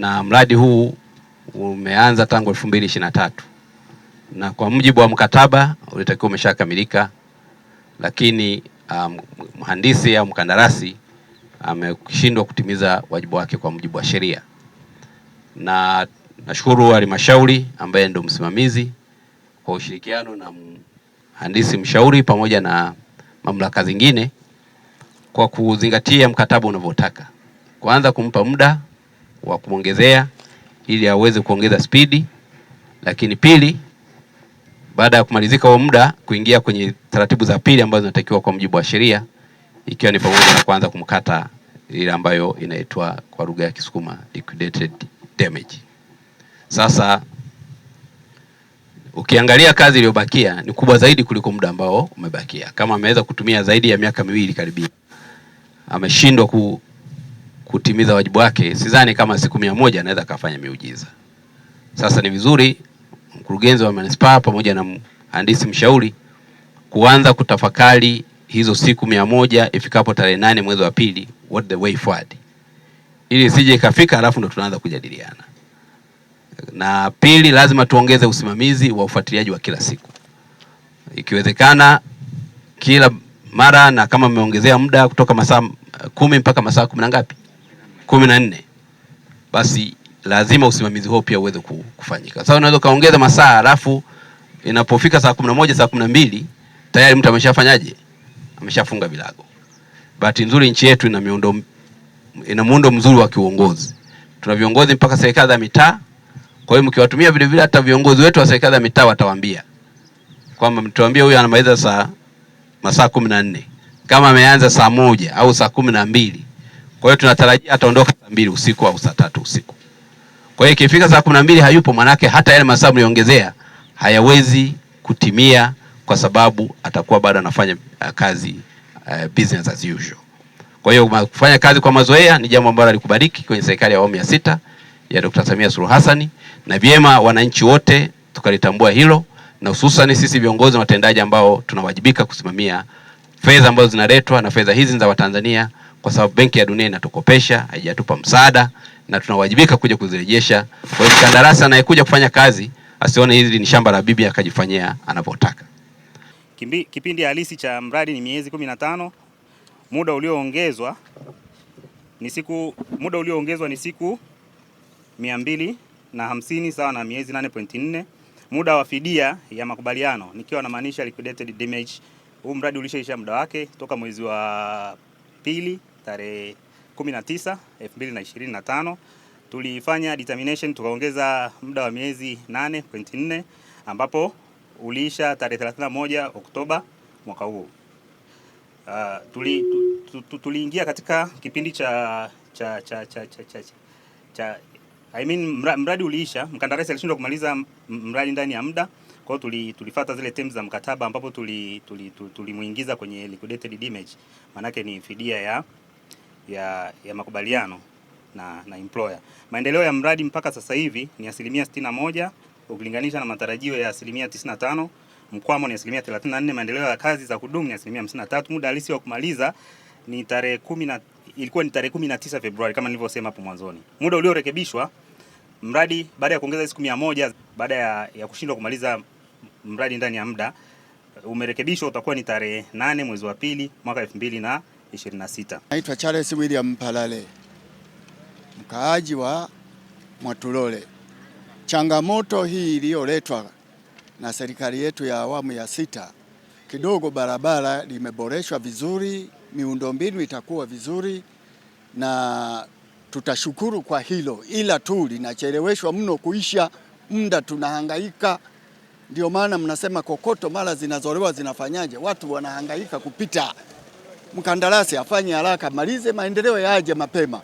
na mradi huu umeanza tangu tatu na kwa mujibu wa mkataba ulitakiwa umeshakamilika, lakini um, mhandisi au mkandarasi ameshindwa kutimiza wajibu wake kwa mujibu wa sheria, na nashukuru halmashauri ambaye ndio msimamizi kwa ushirikiano na mhandisi mshauri pamoja na mamlaka zingine kwa kuzingatia mkataba unavyotaka, kwanza kumpa muda wa kumwongezea ili aweze kuongeza spidi, lakini pili, baada ya kumalizika huo muda, kuingia kwenye taratibu za pili ambazo zinatakiwa kwa mujibu wa sheria, ikiwa ni pamoja na kwanza kumkata ile ambayo inaitwa kwa lugha ya Kisukuma liquidated damage. Sasa ukiangalia kazi iliyobakia ni kubwa zaidi kuliko muda ambao umebakia. Kama ameweza kutumia zaidi ya miaka miwili karibia, ameshindwa kutimiza wajibu wake, sidhani kama siku mia moja anaweza kafanya miujiza. Sasa ni vizuri mkurugenzi wa manispaa pamoja na mhandisi mshauri kuanza kutafakari hizo siku mia moja ifikapo tarehe nane mwezi wa pili, what the way forward, ili sije ikafika alafu ndo tunaanza kujadiliana. Na pili, lazima tuongeze usimamizi wa ufuatiliaji wa kila siku, ikiwezekana kila mara, na kama mmeongezea muda kutoka masaa kumi mpaka masaa kumi na ngapi kumi na nne basi lazima usimamizi huo pia uweze kufanyika. Sasa unaweza ukaongeza masaa alafu inapofika saa kumi na moja saa kumi na mbili tayari mtu ameshafanyaje? Ameshafunga vilago. Bahati nzuri nchi yetu ina miundo, ina muundo mzuri wa kiuongozi. Tuna viongozi mpaka serikali za mitaa. Kwa hiyo mkiwatumia vile vile hata viongozi wetu wa serikali za mitaa watawaambia kwamba mtuambie huyu anamaliza saa masaa kumi na nne kama ameanza saa moja au saa kumi na mbili kwa hiyo tunatarajia ataondoka saa mbili usiku au saa tatu usiku. Kwa hiyo ikifika saa kumi na mbili hayupo, manake hata yale masaa mliongezea hayawezi kutimia, kwa sababu atakuwa bado anafanya uh, kazi uh, business as usual. Kwa hiyo kufanya kazi kwa mazoea ni jambo ambalo alikubariki kwenye serikali ya awamu ya sita ya Dr. Samia Suluhu Hassan, na vyema wananchi wote tukalitambua hilo, na hususan sisi viongozi na watendaji ambao tunawajibika kusimamia fedha ambazo zinaletwa, na fedha hizi za Watanzania kwa sababu Benki ya Dunia inatukopesha, haijatupa msaada na tunawajibika kuja kuzirejesha. Kwa hiyo mkandarasi anayekuja kufanya kazi asione hili ni shamba la bibi akajifanyia anavyotaka. Kipindi halisi cha mradi ni miezi 15. Muda ulioongezwa ni siku muda ulioongezwa ni siku 250 sawa na miezi 8.4. Muda wa fidia ya makubaliano nikiwa namaanisha liquidated damage, huu mradi ulishaisha muda wake toka mwezi wa pili tarehe 19 2025 tulifanya determination tukaongeza muda wa miezi 8.4 ambapo uliisha tarehe 31 Oktoba mwaka huu. Uh, tuli, tu, tu, tu, tuliingia katika kipindi cha, cha, cha, cha, cha, cha, cha I mean, mradi uliisha, mkandarasi alishindwa kumaliza mradi ndani ya muda. Kwa hiyo tuli, tulifuata zile terms za mkataba ambapo tulimuingiza tuli, tuli, tuli kwenye liquidated damage, maanake ni fidia ya ya, ya makubaliano na, na employer. Maendeleo ya mradi mpaka sasa hivi ni asilimia 61 ukilinganisha na matarajio ya asilimia 95. Mkwamo ni asilimia 34. Maendeleo ya kazi za kudumu ni asilimia 53. Muda halisi wa kumaliza ni tarehe 10 ilikuwa ni tarehe 19 Februari kama nilivyosema hapo mwanzoni. Muda uliorekebishwa mradi baada ya kuongeza siku mia moja baada ya, ya kushindwa kumaliza mradi ndani ya muda umerekebishwa, utakuwa ni tarehe 8 mwezi wa pili mwaka 2000 na 26. Naitwa Charles William Mpalale, mkaaji wa Mwatulole. Changamoto hii iliyoletwa na serikali yetu ya awamu ya sita, kidogo barabara limeboreshwa vizuri, miundombinu itakuwa vizuri na tutashukuru kwa hilo, ila tu linacheleweshwa mno kuisha, muda tunahangaika. Ndio maana mnasema kokoto mara zinazolewa zinafanyaje, watu wanahangaika kupita mkandarasi afanye haraka, malize maendeleo yaje mapema.